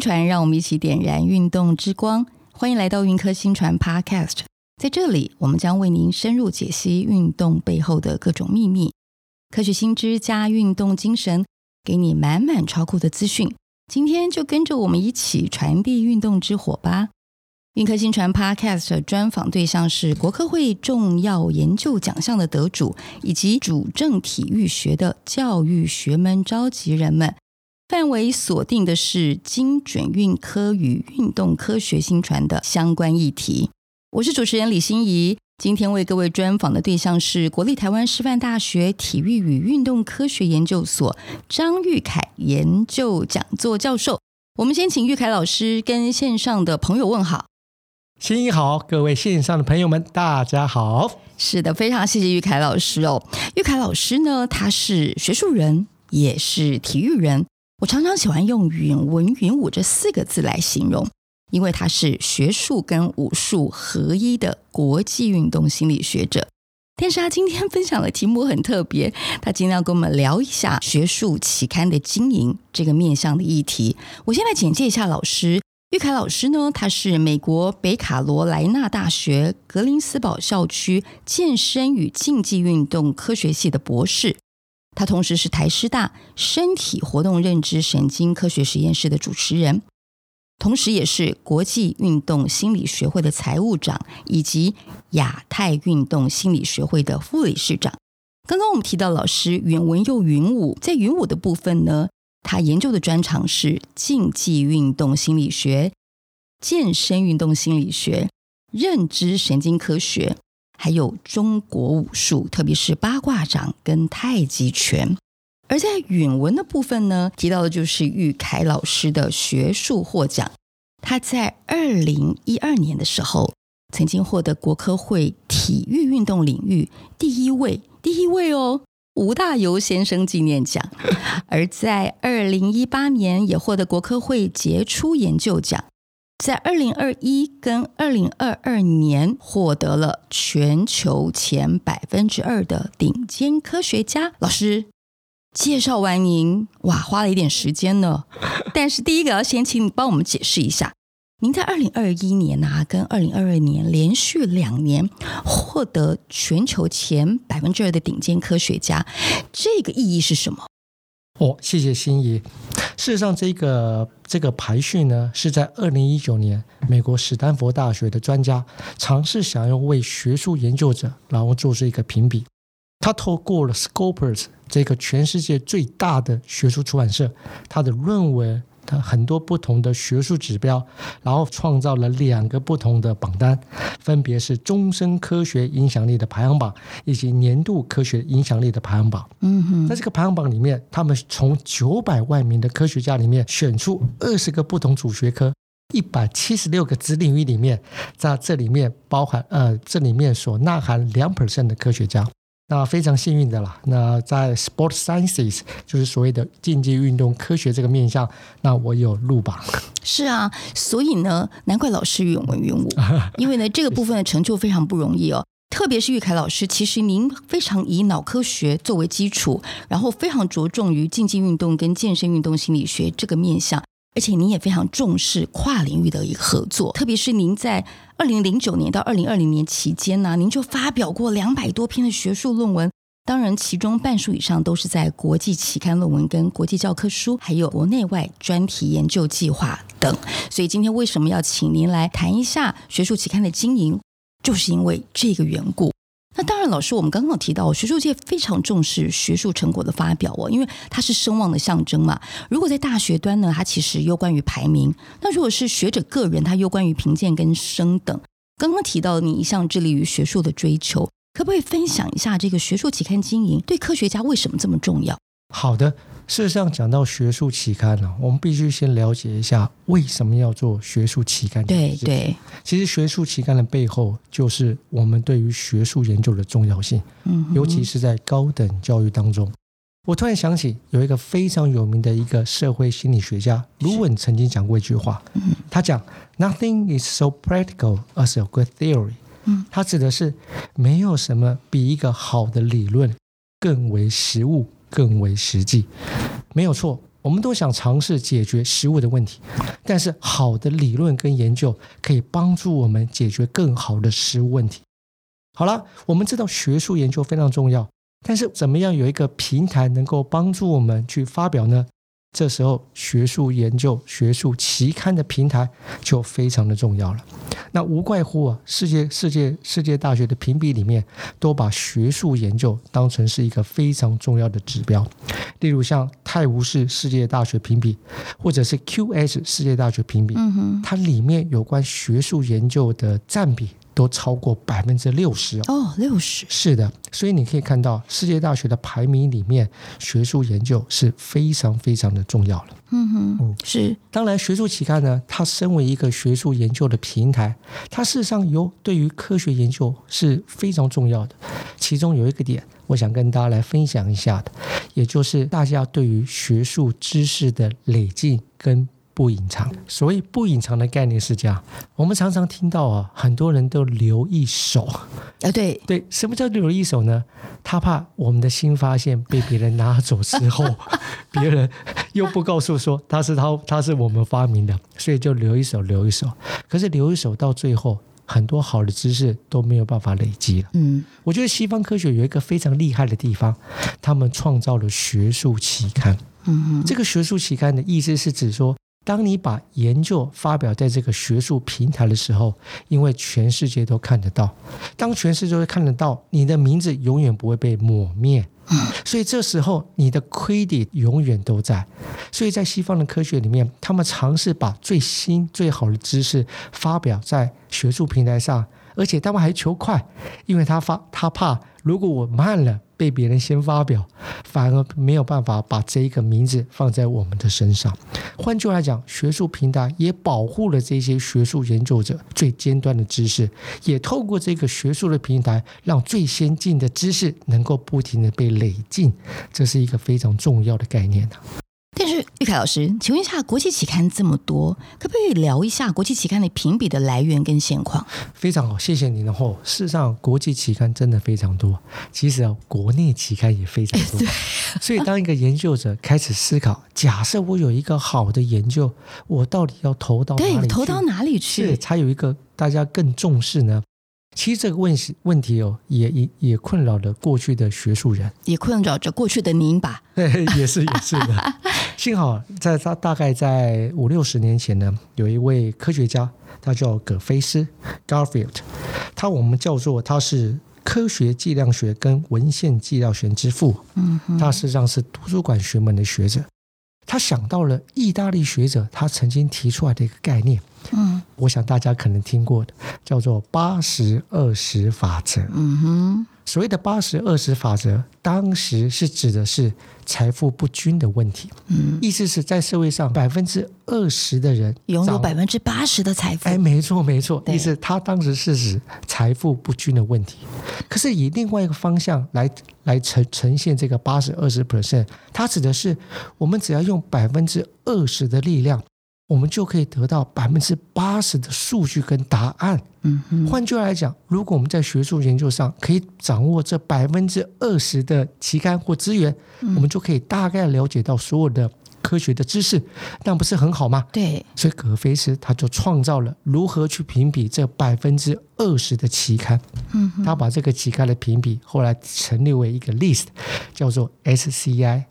傳，讓我們一起點燃運動之光！歡迎來到運科薪傳 Podcast，在這裡我們將為您深入解析運動背後的各種祕密，科學新知加運動精神，給你滿滿超酷的資訊。今天就跟着我們一起傳遞運動之火吧！運科薪傳 Podcast 專訪對象是國科會重要研究獎項的得主，以及主政體育學的教育學們召集人們。範圍鎖定的是精準運科與運動科學薪傳的相關議題。我是主持人李心怡，今天為各位專訪的對象是國立台灣師範大學體育與運動科學研究所張育愷研究講座教授。我們先請育愷老師跟線上的朋友問好。心怡好，各位線上的朋友們，大家好。是的，非常謝謝育愷老師哦。育愷老師呢，他是學術人，也是體育人。我常常喜歡用“允文允武”這四個字來形容，因為他是學術跟武術合一的國際運動心理學者。但是他、啊、今天分享的題目很特別，他今天要跟我們聊一下學術期刊的經營這個面向的議題。我先來簡介一下老師，育愷老師呢，他是美國北卡羅來納大學格林斯堡校區健身與競技運動科學系的博士。他同時是台師大身體活動認知神經科學實驗室的主持人，同時也是國際運動心理學會的財務長以及亞太運動心理學會的副理事長。剛剛我們提到老師允文又允武，在允武的部分呢，他研究的專長是競技運動心理學、健身運動心理學、認知神經科學。還有中國武術，特別是八卦掌跟太極拳。而在允文的部分呢，提到的就是育愷老師的學術獲獎。他在二零一二年的時候，曾經獲得國科會體育運動領域第一位，第一位哦，吳大猷先生紀念獎。 而在二零一八年，也獲得國科會傑出研究獎。在二零二一跟二零二二年獲得了全球前百分之二的頂尖科學家。老師，介紹完您，哇，花了一點時間呢。 但是第一個要先請你幫我們解釋一下，您在二零二一年啊跟二零二二年連續兩年獲得全球前百分之二的頂尖科學家，這個意義是什麼？哦，謝謝心怡。事實上，這個這個排序呢，是在二零一九年，美國史丹佛大學的專家嘗試想要為學術研究者，然後做出一個評比。他透過了 Scopus 這個全世界最大的學術出版社，他的論文，很多不同的學術指標，然後創造了兩個不同的榜單，分別是終身科學影響力的排行榜以及年度科學影響力的排行榜。嗯哼，在這個排行榜裡面，他們從九百萬名的科學家裡面選出二十個不同主學科、一百七十六個子領域裡面，在這裡面包含呃，這裡面所納含兩 percent 的科學家。那非常幸運的啦，那在 sport sciences 就是所謂的競技運動科學這個面向，那我有入榜。是啊，所以呢，難怪老師允文允武，嗯、 因為呢，這個部分的成就非常不容易哦。特別是育愷老師，其實您非常以腦科學作為基礎，然後非常着重於競技運動跟健身運動心理學這個面向。而且，您也非常重視跨領域的一個合作，特別是您在二零零九年到二零二零年期間呢，您就發表過兩百多篇的學術論文，當然，其中半數以上都是在國際期刊論文、跟國際教科書，還有國內外專題研究計劃等。所以，今天為什麼要請您來談一下學術期刊的經營，就是因為這個緣故。那當然，老師，我們剛剛有提到學術界非常重視學術成果的發表哦，因為它是聲望的象徵嘛。如果在大學端呢，它其實攸關於排名；那如果是學者個人，它攸關於評鑑跟升等。剛剛提到你一向致力於學術的追求，可不可以分享一下這個學術期刊經營對科學家為什麼這麼重要？好的，事實上講到學術期刊呢、啊，我們必須先了解一下為什麼要做學術期刊的對。對對，其實學術期刊的背後就是我們對於學術研究的重要性。嗯、哼尤其是在高等教育當中，我突然想起有一個非常有名的一個社會心理學家勒溫是，曾經講過一句話。嗯、哼他講 “Nothing is so practical as a good theory。嗯”他指的是沒有什麼比一個好的理論更為實務。更為實際，沒有錯，我們都想嘗試解決實務的問題。但是，好的理論跟研究可以幫助我們解決更好的實務問題。好了，我們知道學術研究非常重要，但是怎麼樣有一個平台能夠幫助我們去發表呢？這時候，學術研究、學術期刊的平台就非常的重要了。那無怪乎啊，世界世界世界大學的評比裡面，都把學術研究當成是一個非常重要的指標。例如像泰晤士世界大學評比，或者是 QS 世界大學評比，嗯、哼它裡面有關學術研究的佔比。都超過百分之六十哦，六十、oh, 六十？是的，所以你可以看到世界大學的排名裡面，學術研究是非常非常的重要了。Mm hmm. 嗯哼，嗯是。當然，學術期刊呢，它身為一個學術研究的平台，它事實上有對於科學研究是非常重要的。其中有一個點，我想跟大家來分享一下的，也就是大家對於學術知識的累積跟。不隱藏，所以不隱藏的概念是這樣。我們常常聽到啊，很多人都留一手啊，對對，什麼叫留一手呢？他怕我們的新發現被別人拿走之後， 別人又不告訴說他是他，他是我們發明的，所以就留一手，留一手。可是留一手到最後，很多好的知識都沒有辦法累積了。嗯，我覺得西方科學有一個非常厲害的地方，他們創造了學術期刊。嗯嗯哼，這個學術期刊的意思是指說。當你把研究發表在這個學術平台的時候，因為全世界都看得到，當全世界都看得到，你的名字永遠不會被抹滅，嗯，所以這時候你的 credit 永遠都在。所以在西方的科學裡面，他們嘗試把最新最好的知識發表在學術平台上。而且他們還求快，因為他發他怕如果我慢了，被別人先發表，反而沒有辦法把這一個名字放在我們的身上。換句話來講，學術平台也保護了這些學術研究者最尖端的知識，也透過這個學術的平台，讓最先進的知識能夠不停地被累進，這是一個非常重要的概念吶、啊。但是育愷老師，請問一下，國際期刊這麼多，可不可以聊一下國際期刊的評比的來源跟現況？非常好，謝謝您。然、哦、後，事實上國際期刊真的非常多，其實啊，國內期刊也非常多。對，所以當一個研究者 開始思考，假設我有一個好的研究，我到底要投到哪裡去？對，投到哪裡去？所以才有一個大家更重視呢？其實這個問題問題哦，也也也困擾着過去的學術人，也困擾着過去的您吧？對， 也是也是的。 幸好在他大概在五六十年前呢，有一位科學家，他叫葛菲斯 （Garfield），他我們叫做他是科學計量學跟文獻計量學之父。嗯哼，他實際上是圖書館學門的學者。他想到了意大利學者他曾經提出來的一個概念，嗯，我想大家可能聽過的，叫做八十二十法則。嗯哼。所謂的八十二十法則，當時是指的是財富不均的問題，嗯，意思是在社會上百分之二十的人擁有百分之八十的財富，哎，沒錯沒錯，對意思他當時是指財富不均的問題，可是以另外一個方向來來呈呈現這個八十二十 percent，它指的是我們只要用百分之二十的力量，我們就可以得到百分之八十的數據跟答案。嗯哼，換句話來講，如果我們在學術研究上可以掌握這百分之二十的期刊或資源，我們就可以大概了解到所有的。科學的知識，那不是很好嗎？對，所以葛菲斯他就創造了如何去評比這百分之二十的期刊。嗯哼，他把這個期刊的評比後來成立為一個 list，叫做 SCI，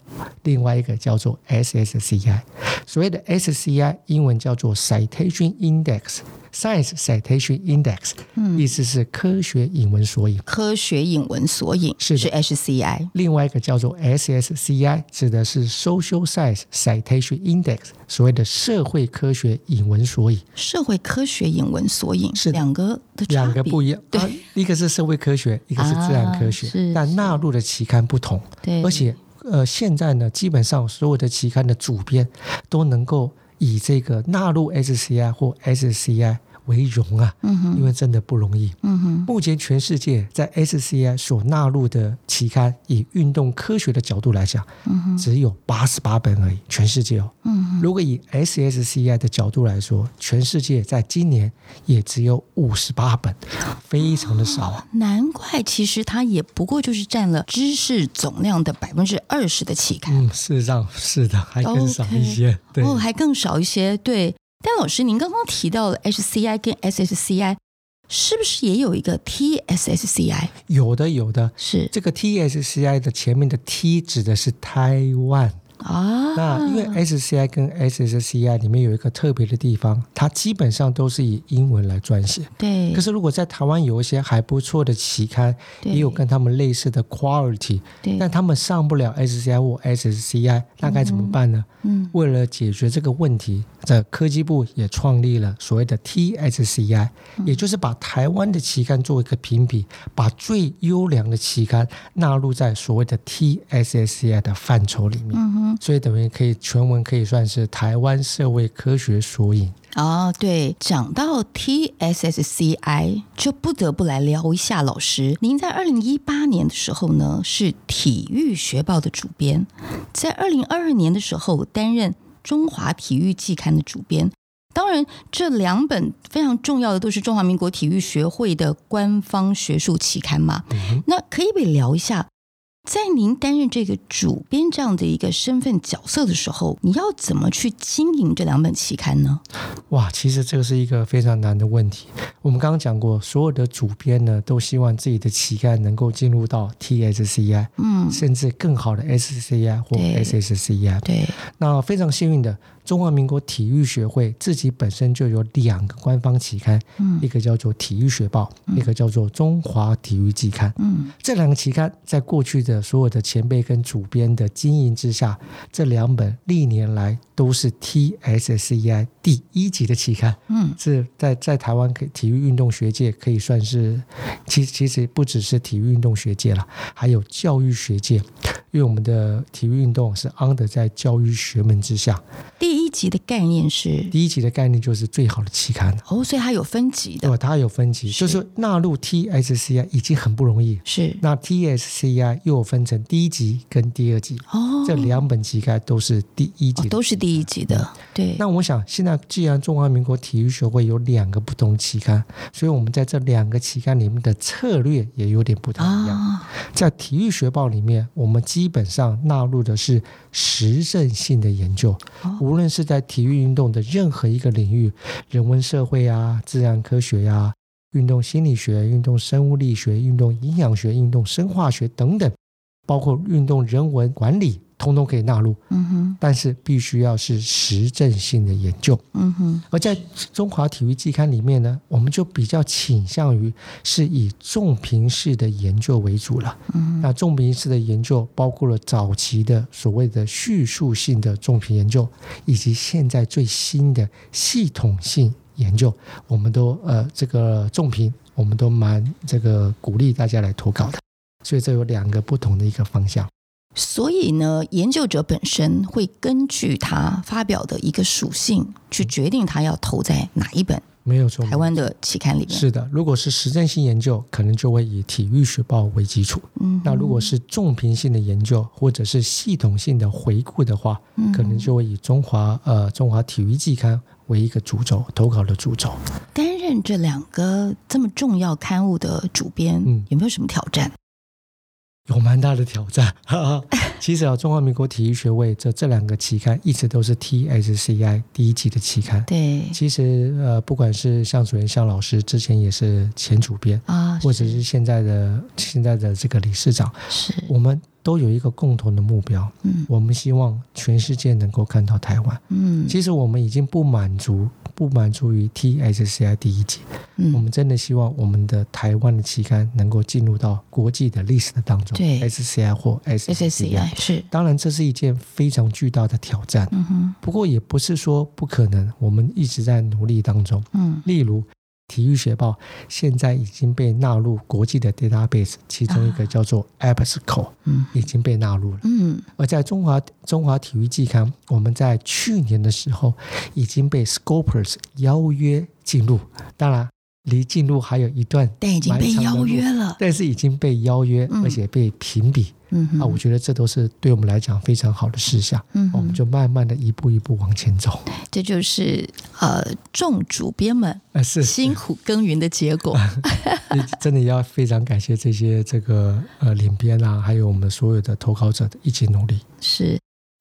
另外一個叫做 SSCI。所謂的 SCI，英文叫做 citation index。Science Citation Index，、嗯、意思是科學引文索引。科學引文索引是 HCI。另外一個叫做 SSCI，指的是 Social Science Citation Index，所謂的社會科學引文索引。社會科學引文索引是兩的個，兩個不一樣。對、啊，一個是社會科學，一個是自然科學，啊、是是，但納入的期刊不同。對，而且呃，現在呢，基本上所有的期刊的主編都能夠。以這個納入 SCI 或 SCI 為榮啊，因為真的不容易。嗯哼嗯、哼目前全世界在 SCI 所納入的期刊，以運動科學的角度來講，嗯、哼只有八十八本而已。全世界哦，嗯、哼如果以 SSCI 的角度來說，全世界在今年也只有五十八本，非常的少啊、哦。難怪其實它也不過就是佔了知識總量的百分之二十的期刊。嗯，事實上，是的，還更少一些。Okay. 對哦，還更少一些，對。但老師，您剛剛提到了 S C I 跟 S S C I，是不是也有一個 T S S C I？有的，有的，是，這個 T S S C I 的前面的 T 指的是 Taiwan。啊，那因為 SCI 跟 SSCI 裡面有一個特別的地方，它基本上都是以英文來撰寫。對。可是如果在台灣有一些還不錯的期刊，對也有跟他們類似的 quality，對。但他們上不了 SCI 或 SSCI，對那該怎麼辦呢？嗯。為了解決這個問題，嗯、在科技部也創立了所謂的 TSCI，、嗯、也就是把台灣的期刊做一個評比，把最優良的期刊納入在所謂的 TSSCI 的範疇裡面。嗯所以等於可以全文可以算是台灣社會科學索引啊、哦。對，講到 T S S C I 就不得不來聊一下老師。您在二零一八年的時候呢，是體育學報的主編，在二零二二年的時候擔任中華體育季刊的主編。當然，這兩本非常重要的都是中華民國體育學會的官方學術期刊嘛。嗯、哼那可以不可以聊一下？在您擔任這個主編這樣的一個身份角色的時候，你要怎麼去經營這兩本期刊呢？哇，其實這個是一個非常難的問題。我們剛剛講過，所有的主編呢都希望自己的期刊能夠進入到 TSCI，嗯，甚至更好的 SCI 或 SSCI。對，那非常幸運的。中華民國體育學會自己本身就有兩個官方期刊，嗯、一個叫做《體育學報》，嗯，一個叫做《中華體育季刊》嗯。這兩個期刊在過去的所有的前輩跟主編的經營之下，這兩本歷年來都是 TSSCI 第一級的期刊。嗯，是在在台灣體育運動學界可以算是，其其實不只是體育運動學界了，還有教育學界。因為我們的體育運動是 under 在教育學門之下。第一級的概念是，第一級的概念就是最好的期刊哦，所以它有分級的，對吧？它有分級，是，就是納入 TSCI 已經很不容易，是。那 TSCI 又有分成第一級跟第二級哦，這兩本期刊都是第一級，哦，都是第一級的。對。那我想，現在既然中華民國體育學會有兩個不同期刊，所以我們在這兩個期刊裡面的策略也有點不太一樣。哦、在《體育學報》裡面，我們基本上納入的是實證性的研究，無論是在體育運動的任何一個領域，人文社會啊、自然科學呀、啊、運動心理學、運動生物力學、運動營養學、運動生化學等等，包括運動人文管理。通通可以納入，嗯哼，但是必須要是實證性的研究。嗯哼，而在《中華體育季刊》裡面呢，我們就比較傾向於是以重評式的研究為主了。嗯哼，那重評式的研究包括了早期的所謂的敘述性的重評研究，以及現在最新的系統性研究，我們都呃這個重評，我們都蠻這個鼓勵大家來投稿的。所以這有兩個不同的一個方向。所以呢，研究者本身會根據他發表的一個屬性去決定他要投在哪一本，嗯、沒有錯，台灣的期刊裡面是的。如果是實證性研究，可能就會以《體育學報》為基礎；嗯哼，那如果是綜評性的研究或者是系統性的回顧的話，嗯、哼可能就會以《中華》呃《中華體育季刊》為一個主軸投稿的主軸。擔任這兩個這麼重要刊物的主編，嗯、有沒有什麼挑戰？有蠻大的挑戰，哈哈，其實啊，《中華民國體育學會》這這兩個期刊一直都是 TSCI 第一級的期刊。對，其實呃，不管是向主任、向老師之前也是前主編啊，或者是現在的現在的這個理事長，是我們。都有一個共同的目標，嗯，我們希望全世界能夠看到台灣，嗯，其實我們已經不滿足，不滿足於 TSCI 第一級，嗯，我們真的希望我們的台灣的期刊能夠進入到國際的歷史的當中，對，SCI 或 SSCI，是，當然這是一件非常巨大的挑戰，嗯哼，不過也不是說不可能，我們一直在努力當中，嗯，例如。體育學報現在已經被納入國際的 database，其中一個叫做 EBSCO，已經被納入了。嗯，而在中華中華體育季刊，我們在去年的時候已經被 Scopus 邀約進入，當然。離進入還有一段，但已經被邀約了，但是已經被邀約，嗯、而且被評比，嗯嗯、啊，我覺得這都是對我們來講非常好的事項，嗯、哼我們就慢慢的一步一步往前走。這就是呃，眾主編們是辛苦耕耘的結果，是 真的要非常感謝這些這個呃領編啊， 還有我們所有的投稿者的一起努力。是。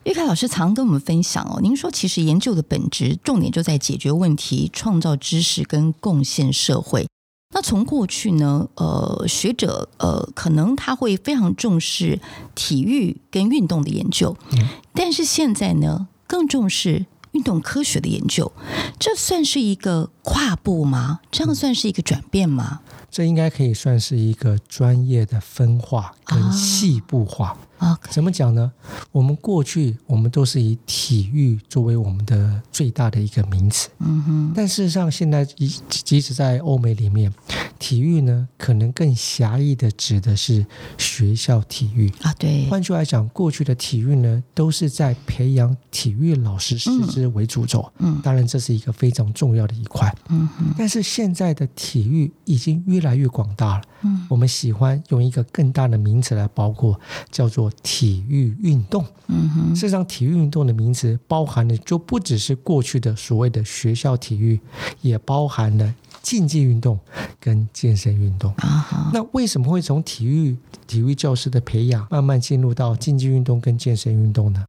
育愷老師常跟我們分享哦，您說其實研究的本質重點就在解決問題、創造知識跟貢獻社會。那從過去呢，呃，學者呃可能他會非常重視體育跟運動的研究，嗯、但是現在呢更重視運動科學的研究，這算是一個跨步嗎？這樣算是一個轉變嗎？嗯、這應該可以算是一個專業的分化跟細部化。啊啊，Okay. 怎麼講呢？我們過去我們都是以體育作為我們的最大的一個名詞，嗯哼。但事實上，現在即使在歐美裡面，體育呢可能更狹義的指的是學校體育。啊，對。換句來講，過去的體育呢都是在培養體育老師師資為主軸，嗯，當然這是一個非常重要的一塊，嗯哼。但是現在的體育已經越來越廣大了，嗯，我們喜歡用一個更大的名詞來包括，叫做體育運動，嗯哼，事實上，體育運動的名詞包含的就不只是過去的所謂的學校體育，也包含了競技運動跟健身運動。啊，那為什麼會從體育體育教師的培養慢慢進入到競技運動跟健身運動呢？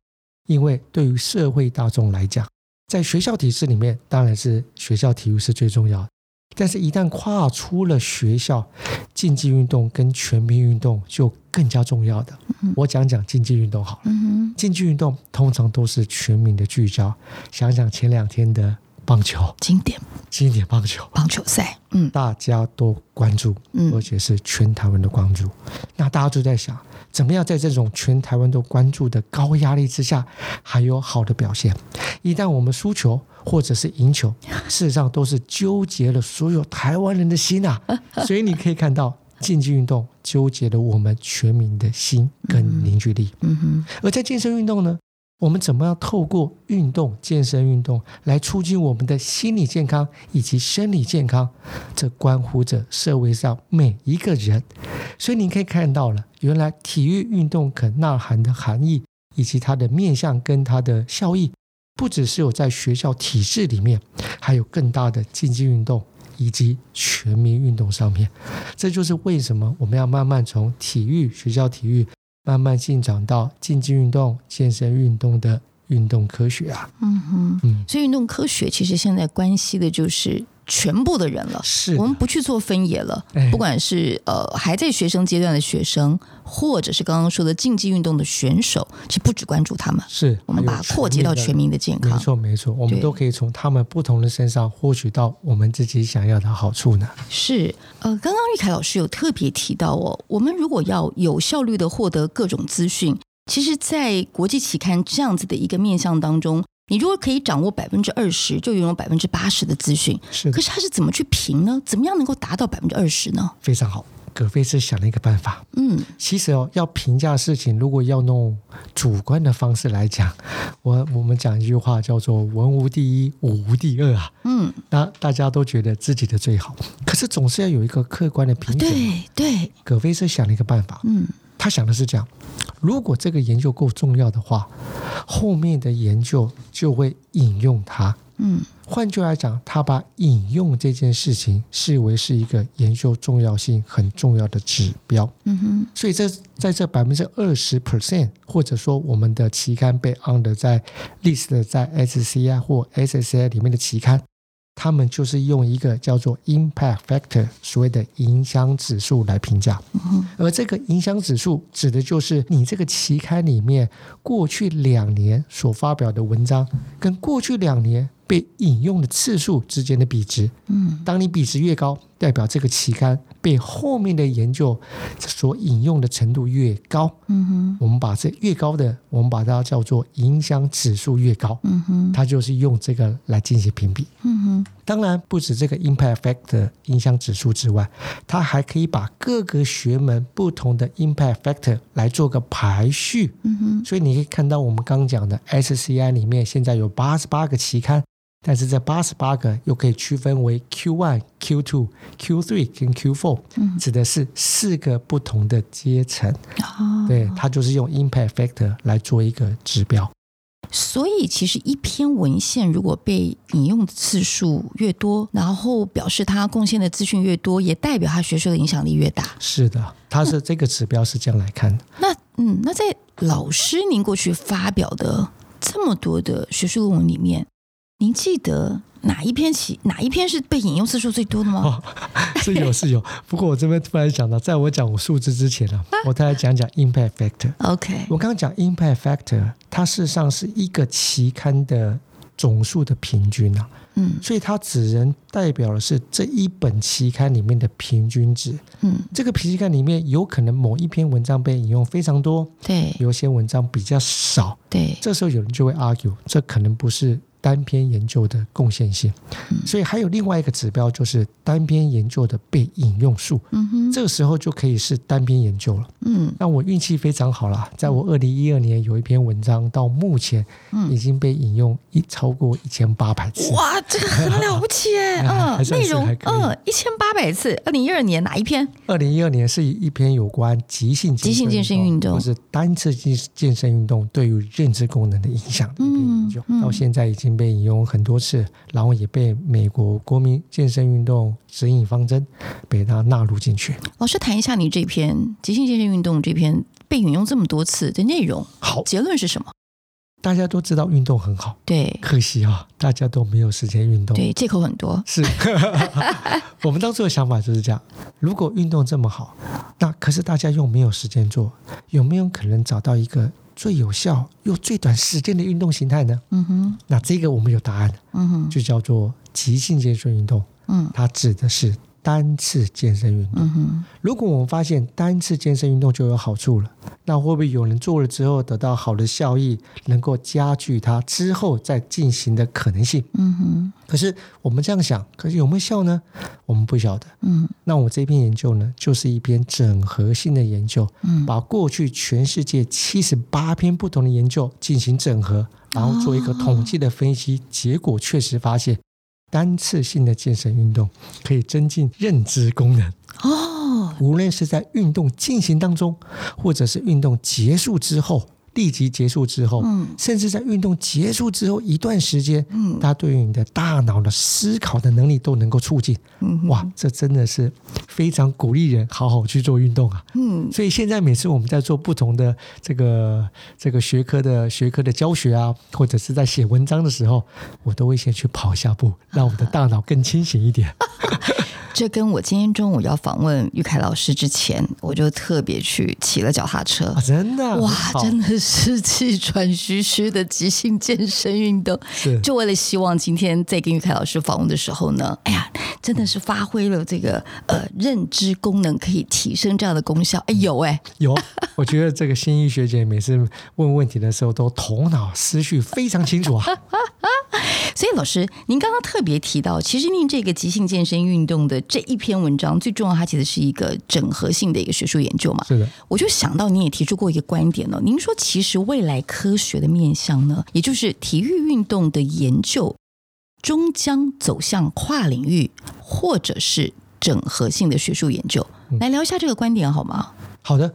因為對於社會大眾來講，在學校體制裡面，當然是學校體育是最重要的。但是，一旦跨出了學校，競技運動跟全民運動就更加重要的、嗯、哼我講講競技運動好了。嗯、哼競技運動通常都是全民的聚焦。想想前兩天的棒球，經典，經典棒球，棒球賽，嗯，大家都關注，而且是全台灣的關注。嗯、那大家都在想，怎麼樣在這種全台灣都關注的高壓力之下，還有好的表現？一旦我們輸球。或者是贏球，事實上都是糾結了所有台灣人的心吶、啊。所以你可以看到，競技運動糾結了我們全民的心跟凝聚力。嗯哼。嗯哼。而在健身運動呢，我們怎麼樣透過運動、健身運動來促進我們的心理健康以及生理健康，這關乎着社會上每一個人。所以你可以看到了，原來體育運動可涵蓋的含義，以及它的面向跟它的效益。不只是有在學校體制裡面，還有更大的競技運動以及全民運動上面，這就是為什麼我們要慢慢從體育、學校體育慢慢進展到競技運動、健身運動的運動科學啊。嗯哼，嗯，所以運動科學其實現在關係的就是。全部的人了，是的我們不去做分野了，不管是呃還在學生階段的學生，或者是剛剛說的競技運動的選手，是不只關注他們，是我們把它擴及到全民的健康，沒錯沒錯，我們都可以從他們不同的身上獲取到我們自己想要的好處呢。是呃，剛剛育愷老師有特別提到哦，我們如果要有效率的獲得各種資訊，其實，在國際期刊這樣子的一個面向當中。你如果可以掌握百分之二十，就擁有百分之八十的資訊。是的。可是他是怎麼去評呢？怎麼樣能夠達到百分之二十呢？非常好，葛菲斯想了一個辦法。嗯，其實哦，要評價事情，如果要弄主觀的方式來講，我我們講一句話叫做“文無第一，武無第二”啊。嗯。那大家都覺得自己的最好，可是總是要有一個客觀的評價。啊。對對。葛菲斯想了一個辦法。嗯。他想的是這樣。如果這個研究夠重要的話，後面的研究就會引用它。嗯，換句來講，他把引用這件事情視為是一個研究重要性很重要的指標。嗯哼，所以這在這百分之二十 percent，或者說我們的期刊被 under 在 list 在 SCI 或 SSCI 裡面的期刊。他們就是用一個叫做 Impact Factor，所謂的影響指數來評價，而這個影響指數指的就是你這個期刊裡面過去兩年所發表的文章跟過去兩年被引用的次數之間的比值。嗯，當你比值越高。代表這個期刊被後面的研究所引用的程度越高，嗯哼，我們把這越高的，我們把它叫做影響指數越高，嗯哼，它就是用這個來進行評比，嗯哼。當然不止這個 impact factor 影響指數之外，它還可以把各個學門不同的 impact factor 來做個排序，嗯哼。所以你可以看到我們剛講的 SCI 裡面現在有八十八個期刊。但是這八十八個又可以區分為 Q one、Q two、Q three 跟 Q four，指的是四個不同的階層。嗯、對，它就是用 impact factor 來做一個指標。所以其實一篇文獻如果被引用的次數越多，然後表示它貢獻的資訊越多，也代表它學術的影響力越大。是的，它是這個指標是這樣來看的。那，那嗯，那在老師您過去發表的這麼多的學術論文裡面。您記得哪一篇起，哪一篇是被引用次數最多的嗎？哦、是有是有，不過我這邊突然想到，在我講我數字之前呢、啊，啊、我再來講講 impact factor。OK，我剛剛講 impact factor，它事實上是一個期刊的總數的平均、啊、嗯，所以它只能代表的是這一本期刊裡面的平均值。嗯，這個期刊裡面有可能某一篇文章被引用非常多，對，有些文章比較少，對，這時候有人就會 argue，這可能不是。單篇研究的貢獻性，嗯、所以還有另外一個指標，就是單篇研究的被引用數。嗯哼這個時候就可以是單篇研究了。嗯，那我運氣非常好啦，在我二零一二年有一篇文章，到目前已經被引用一、嗯、超過一千八百次。哇，這個很了不起哎。嗯，內容嗯一千八百次。二零一二年哪一篇？二零一二年是一篇有關急性急性健身運動或是單次健健身運動對於認知功能的影響的一篇研究，嗯、到現在已經。被引用很多次，然後也被美國國民健身運動指引方針被它納入進去。老師談一下你這篇《急性健身運動》這篇被引用這麼多次的內容。好，結論是什麼？大家都知道運動很好，對，可惜啊、哦，大家都沒有時間運動，對，借口很多。是 我們當初的想法就是這樣：如果運動這麼好，那可是大家又沒有時間做，有沒有可能找到一個？最有效又最短時間的運動形態呢？嗯哼那這個我們有答案。嗯、哼就叫做急性間歇性運動。嗯，它指的是。單次健身運動，嗯哼。如果我們發現單次健身運動就有好處了，那會不會有人做了之後得到好的效益，能夠加劇他之後再進行的可能性？嗯哼。可是我們這樣想，可是有沒有效呢？我們不曉得。嗯。那我這篇研究呢，就是一篇整合性的研究，嗯、把過去全世界七十八篇不同的研究進行整合，然後做一個統計的分析，哦、結果確實發現。單次性的健身運動可以增進認知功能哦，無論是在運動進行當中，或者是運動結束之後。立即結束之後，甚至在運動結束之後一段時間，它對於你的大腦的思考的能力都能夠促進。哇，這真的是非常鼓勵人好好去做運動啊！嗯，所以現在每次我們在做不同的這個這個學科的學科的教學啊，或者是在寫文章的時候，我都會先去跑一下步，讓我的大腦更清醒一點。 這跟我今天中午要訪問育愷老師之前，我就特別去騎了腳踏車，啊，真的哇！好真的是氣喘吁吁的急性健身運動，是就為了希望今天在跟育愷老師訪問的時候呢，哎呀，真的是發揮了這個呃認知功能可以提升這樣的功效，哎，有哎，欸，有， 我覺得這個心怡學姐每次問問題的時候都頭腦思緒非常清楚啊， 所以老師您剛剛特別提到，其實您這個急性健身運動的。這一篇文章最重要，它其實是一個整合性的一個學術研究嘛。是的，我就想到您也提出過一個觀點呢、哦，您說其實未來科學的面向呢，也就是體育運動的研究，終將走向跨領域或者是整合性的學術研究。嗯、來聊一下這個觀點好嗎？好的，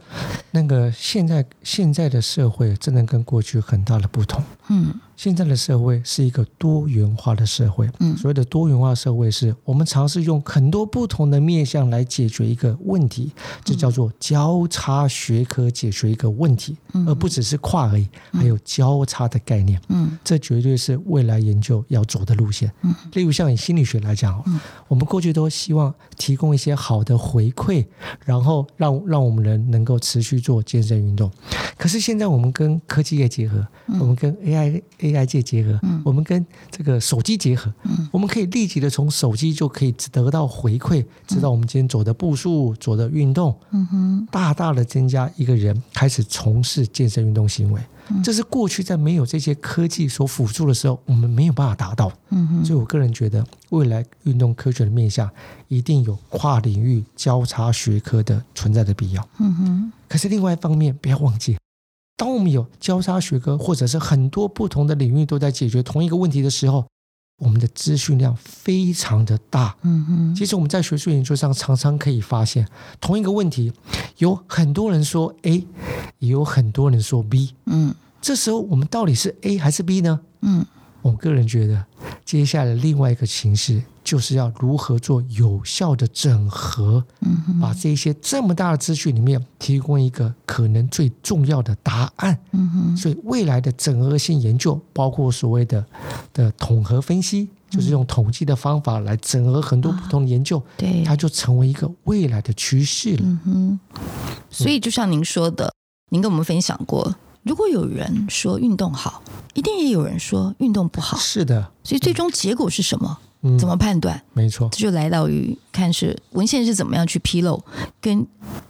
那個現在現在的社會真的跟過去很大的不同，嗯。現在的社會是一個多元化的社會。嗯，所謂的多元化社會，是我們嘗試用很多不同的面向來解決一個問題，這、嗯、叫做交叉學科解決一個問題，嗯、而不只是跨而已，嗯、還有交叉的概念。嗯，這絕對是未來研究要走的路線。嗯，例如像以心理學來講，嗯、我們過去都希望提供一些好的回饋，然後讓讓我們人能夠持續做健身運動。可是現在我們跟科技業結合，我們跟 AI。AI 界結合，嗯、我們跟這個手機結合，嗯、我們可以立即的從手機就可以得到回饋，知道、嗯、我們今天走的步數、走的運動，嗯哼，大大的增加一個人開始從事健身運動行為。嗯、這是過去在沒有這些科技所輔助的時候，我們沒有辦法達到。嗯哼，所以我個人覺得，未來運動科學的面向一定有跨領域交叉學科的存在的必要。嗯哼，可是另外一方面，不要忘記。當我們有交叉學科，或者是很多不同的領域都在解決同一個問題的時候，我們的資訊量非常的大。嗯嗯哼，其實我們在學術研究上常常可以發現，同一個問題有很多人說 A，也有很多人說 B。嗯，這時候我們到底是 A 還是 B 呢？嗯，我個人覺得，接下來的另外一個形式。就是要如何做有效的整合，嗯、哼把這些這麼大的資訊裡面，提供一個可能最重要的答案。嗯、哼所以未來的整合性研究，包括所謂的的統合分析，嗯、哼就是用統計的方法來整合很多不同的研究，啊、對，它就成為一個未來的趨勢了。嗯哼，所以就像您說的，您跟我們分享過，嗯、如果有人說運動好，一定也有人說運動不好。是的，所以最終結果是什麼？嗯怎麼判斷？嗯、沒錯，這就來到於看是文獻是怎麼樣去披露，跟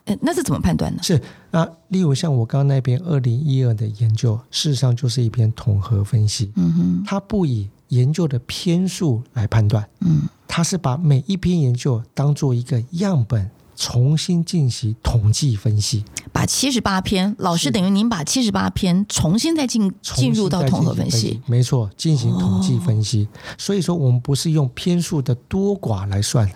呃那是怎麼判斷呢？是啊，例如像我剛剛那篇二零一二的研究，事實上就是一篇統合分析，嗯哼，它不以研究的篇數來判斷，嗯，它是把每一篇研究當做一個樣本。重新進行統計分析，把七十八篇，老師等於您把七十八篇重新再進進入到統合分、分析，沒錯，進行統計分析。哦、所以說，我們不是用篇數的多寡來算，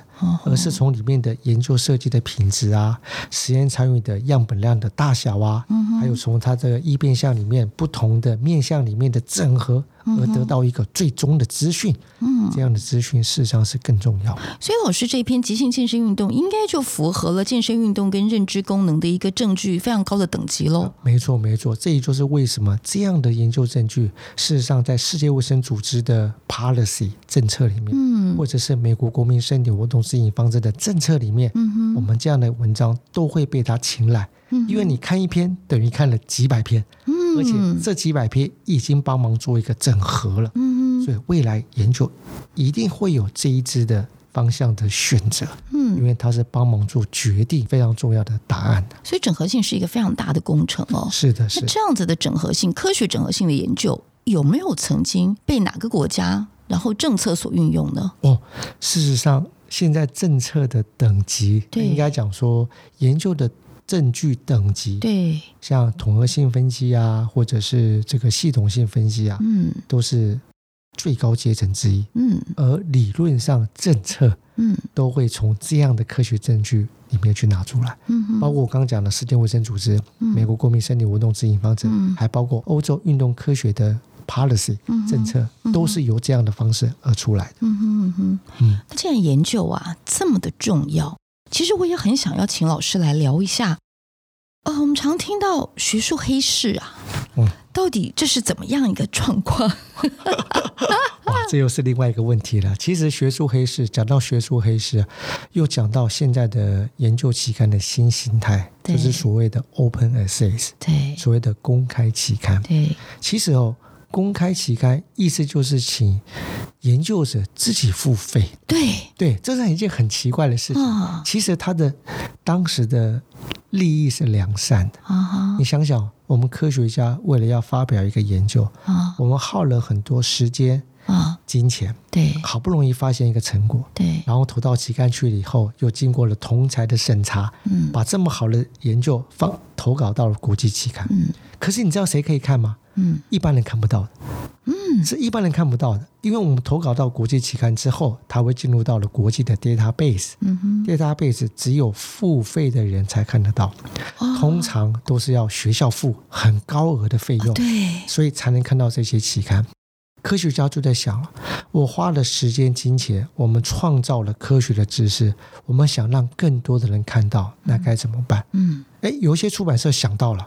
而是從裡面的研究設計的品質啊，實驗參與的樣本量的大小啊，嗯、哼還有從它這個依變項裡面不同的面向裡面的整合，而得到一個最終的資訊，嗯哼，這樣的資訊事實上是更重要的。所以老師這篇急性健身運動應該就符合了健身運動跟認知功能的一個證據非常高的等級嘍。沒錯，沒錯，這也就是為什麼這樣的研究證據事實上在世界衛生組織的 policy 政策裡面，嗯哼，或者是美國國民身體活動指引方針的政策裡面，嗯、哼我們這樣的文章都會被他青睞，嗯、哼因為你看一篇等於看了幾百篇。嗯而且這幾百篇已經幫忙做一個整合了，嗯，所以未來研究一定會有這一支的方向的選擇，嗯，因為它是幫忙做決定非常重要的答案。所以整合性是一個非常大的工程哦，是的是，是這樣子的整合性科學整合性的研究有沒有曾經被哪個國家然後政策所運用呢？哦，事實上現在政策的等級對應該講說研究的。證據等級，對，像統合性分析啊，或者是這個系統性分析啊，嗯，都是最高階層之一。嗯，而理論上政策，嗯，都會從這樣的科學證據裡面去拿出來。嗯，包括我剛講的世界衛生組織、美國國民身體活動指引方針，還包括歐洲運動科學的 policy 政策，都是由這樣的方式而出來的。嗯嗯嗯，這樣研究啊，這麼的重要。其實我也很想要請老師來聊一下，哦、我們常聽到學術黑市啊，嗯、到底這是怎麼樣一個狀況？ 哇，這又是另外一個問題了。其實學術黑市，講到學術黑市、啊，又講到現在的研究期刊的新形態，對就是所謂的 open access，對，所謂的公開期刊。對，其實哦。公開期刊意思就是請研究者自己付費。對對，這是一件很奇怪的事情。嗯、其實他的當時的利益是良善的。啊哈，你想想，我們科學家為了要發表一個研究，啊，我們耗了很多時間啊，金錢。對，好不容易發現一個成果，對，然後投到期刊去了以後，又經過了同儕的審查，嗯，把這麼好的研究放投稿到了國際期刊。嗯，可是你知道誰可以看嗎？一般人看不到的，嗯，是一般人看不到的，因為我們投稿到國際期刊之後，它會進入到了國際的 database，嗯哼，database 只有付費的人才看得到，哦，通常都是要學校付很高額的費用，哦，對，所以才能看到這些期刊。科學家就在想，我花了時間、金錢，我們創造了科學的知識，我們想讓更多的人看到，那該怎麼辦？嗯。嗯哎，有些出版社想到了，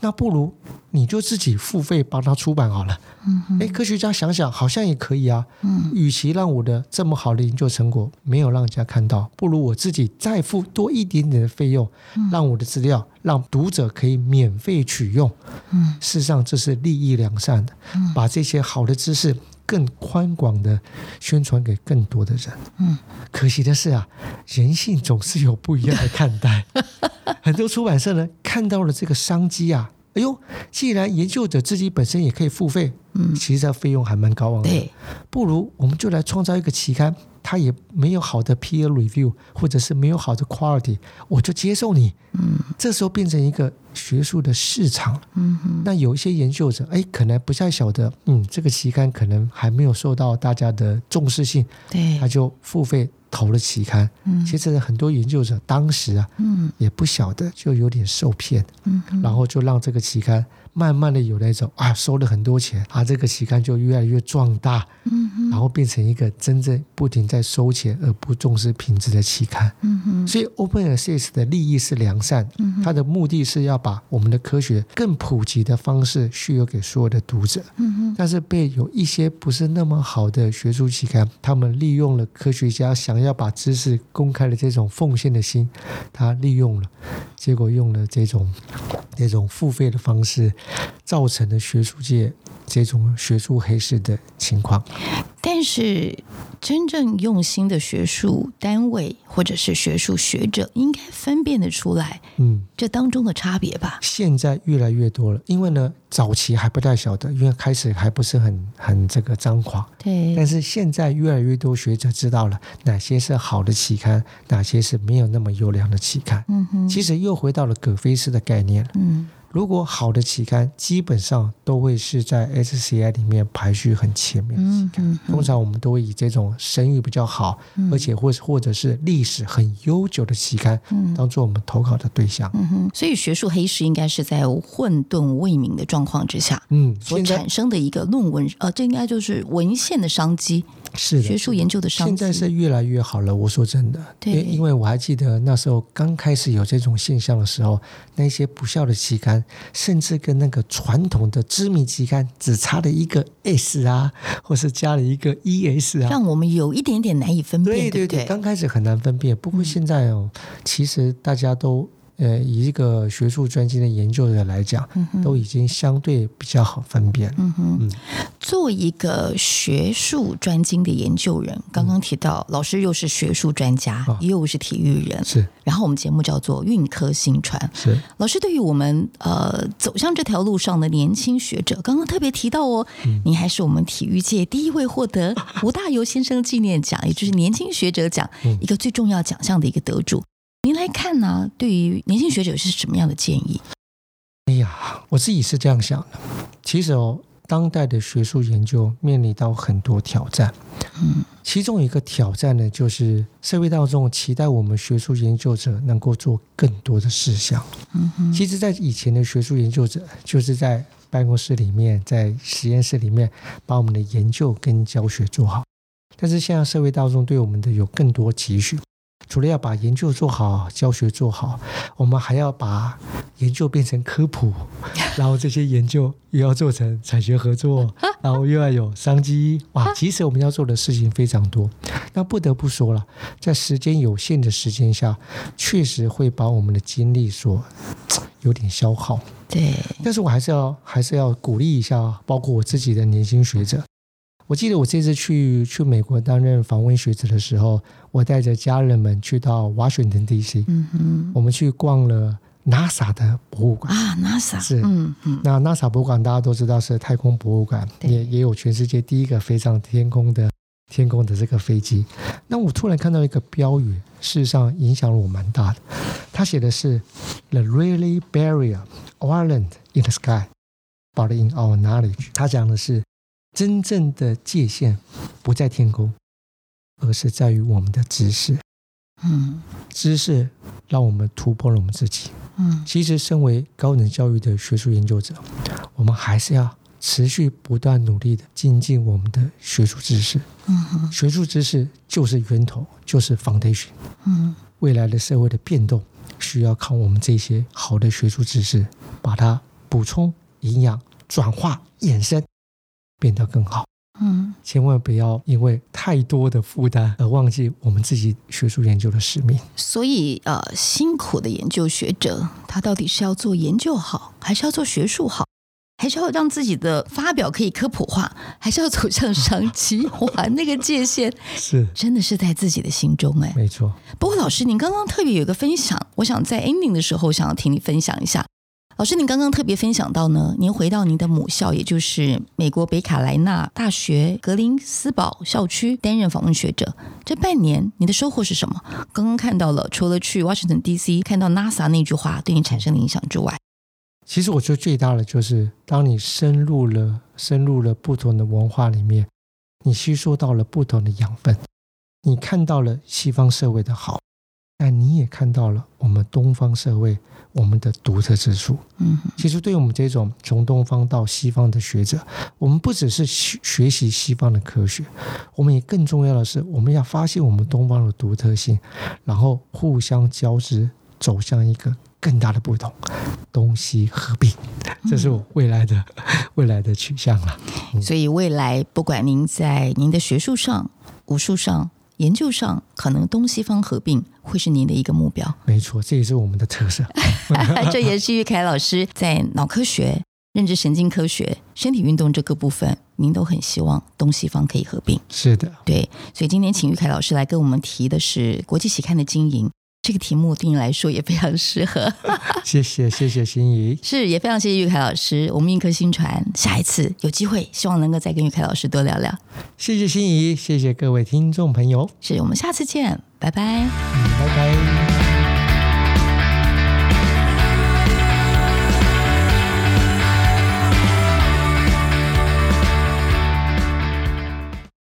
那不如你就自己付費幫他出版好了。嗯哼，哎，科學家想想好像也可以啊。嗯哼，與其讓我的這麼好的研究成果沒有讓人家看到，不如我自己再付多一點點的費用，嗯、讓我的資料讓讀者可以免費取用。嗯，事實上這是立意良善的，嗯、把這些好的知識更寬廣地宣傳給更多的人。嗯，可惜的是啊，人性總是有不一樣的看待。 很多出版社呢，看到了這個商機啊，哎呦，既然研究者自己本身也可以付費，嗯，其實它費用還蠻高昂的，對不如我們就來創造一個期刊，它也沒有好的 peer review 或者是沒有好的 quality，我就接受你，嗯，這時候變成一個學術的市場，嗯嗯哼，那有一些研究者哎，可能不太曉得，嗯，這個期刊可能還沒有受到大家的重視性，對，他就付費。投了期刊，其實很多研究者當時啊，嗯，也不曉得，就有點受騙，嗯、然後就讓這個期刊。慢慢的有那種啊，收了很多錢，啊，這個期刊就越來越壯大，嗯哼，然後變成一個真正不停在收錢而不重視品質的期刊，嗯哼，所以 open access 的利益是良善，嗯哼，它的目的是要把我們的科學更普及的方式，需要給所有的讀者，嗯哼，但是被有一些不是那麼好的學術期刊，他們利用了科學家想要把知識公開的這種奉獻的心，他利用了，結果用了這種。這種付費的方式造成了學術界這種學術黑市的情況，但是。真正用心的學術單位或者是學術學者，應該分辨得出來，嗯，這當中的差別吧。嗯，現在越來越多了，因為呢，早期還不太曉得，因為開始還不是很很這個張狂。對。但是現在越來越多學者知道了哪些是好的期刊，哪些是沒有那麼優良的期刊。嗯哼，其實又回到了葛菲斯的概念。嗯。如果好的期刊基本上都會是在 SCI 裡面排序很前面的期刊，嗯嗯、通常我們都會以這種聲譽比較好，嗯、而且或或者是歷史很悠久的期刊，嗯、當做我們投稿的對象，嗯嗯。所以學術黑市應該是在混沌未明的狀況之下，嗯，所產生的一個論文，嗯、呃，這應該就是文獻的商機。是的學術研究的商機，現在是越來越好了。我說真的，因為對因為我還記得那時候剛開始有這種現象的時候，那些不肖的期刊。甚至跟那個傳統的知名期刊只差了一個 s 啊，或是加了一個 e s 啊，讓我們有一點點難以分辨，對對對，對不對？剛開始很難分辨，不過現在哦，嗯，其實大家都。呃，以一個學術專精的研究者來講，嗯、哼都已經相對比較好分辨。嗯哼，做、嗯、一個學術專精的研究人，剛剛提到老師又是學術專家，也、哦、又是體育人。是，然後我們節目叫做《運科薪傳》。是，老師對於我們呃走向這條路上的年輕學者，剛剛特別提到哦，嗯、你還是我們體育界第一位獲得吳大猷先生紀念獎，啊、也就是年輕學者獎、嗯、一個最重要獎項的一個得主。您來看呢、啊？對於年輕學者是什麼樣的建議？哎呀，我自己是這樣想的。其實哦，當代的學術研究面臨到很多挑戰。嗯，其中一個挑戰呢，就是社會大眾期待我們學術研究者能夠做更多的事項。嗯哼，其實，在以前的學術研究者，就是在辦公室裡面，在實驗室裡面把我們的研究跟教學做好。但是，現在社會大眾對我們的有更多期許。除了要把研究做好、教學做好，我們還要把研究變成科普，然後這些研究又要做成產學合作，然後又要有商機。啊、哇，其實我們要做的事情非常多。那不得不說了，在時間有限的時間下，確實會把我們的精力所有點消耗。對。但是我還是要還是要鼓勵一下，包括我自己的年輕學者。我記得我這次去去美國擔任訪問學者的時候。我帶着家人們去到 Washington DC，嗯嗯哼，我們去逛了 NASA 的博物館啊，NASA 是，嗯嗯哼，那 NASA 博物館大家都知道是太空博物館，也對也有全世界第一個飛上天空的天空的這個飛機。那我突然看到一個標語，事實上影響了我蠻大的。他寫的是 "The really barrier isn't in the sky, but in our knowledge"，他講的是真正的界限不在天空。而是在於我們的知識，嗯，知識讓我們突破了我們自己，嗯，其實身為高等教育的學術研究者，我們還是要持續不斷努力的精進，進我們的學術知識，嗯，學術知識就是源頭，就是 foundation，嗯，未來的社會的變動需要靠我們這些好的學術知識，把它補充、營養、轉化、衍生，變得更好。嗯，千萬不要因為太多的負擔而忘記我們自己學術研究的使命。所以，呃，辛苦的研究學者，他到底是要做研究好，還是要做學術好，還是要讓自己的發表可以科普化，還是要走向長期，還那個界限？是，真的是在自己的心中哎、欸，沒錯。不過，老師，您剛剛特別有一個分享，我想在 ending 的時候想要聽你分享一下。老師，您剛剛特別分享到呢，您回到您的母校，也就是美國北卡萊納大學格林斯堡校區擔任訪問學者，這半年你的收穫是什麼？剛剛看到了，除了去 Washington DC，看到 NASA 那句話對你產生的影響之外，其實我覺得最大的就是當你深入了、深入了不同的文化裡面，你吸收到了不同的養分，你看到了西方社會的好，但你也看到了我們東方社會。我們的獨特之處，嗯，其實對於我們這種從東方到西方的學者，我們不只是學學習西方的科學，我們也更重要的是，我們要發現我們東方的獨特性，然後互相交織，走向一個更大的不同，東西合璧，這是我未來的、嗯、未來的取向了、啊。嗯、所以未來，不管您在您的學術上、武術上。研究上，可能東西方合併會是您的一個目標。沒錯，這也是我們的特色。 這也是育愷老師在腦科學、認知神經科學、身體運動這個部分，您都很希望東西方可以合併。是的，對，所以今天請育愷老師來跟我們提的是國際期刊的經營。這個題目對你來說也非常適合 謝謝，謝謝謝謝心怡，是也非常謝謝育愷老師，我們運科薪傳下一次有機會，希望能夠再跟育愷老師多聊聊。謝謝心怡，謝謝各位聽眾朋友，謝謝我們下次見，拜拜，嗯，拜拜。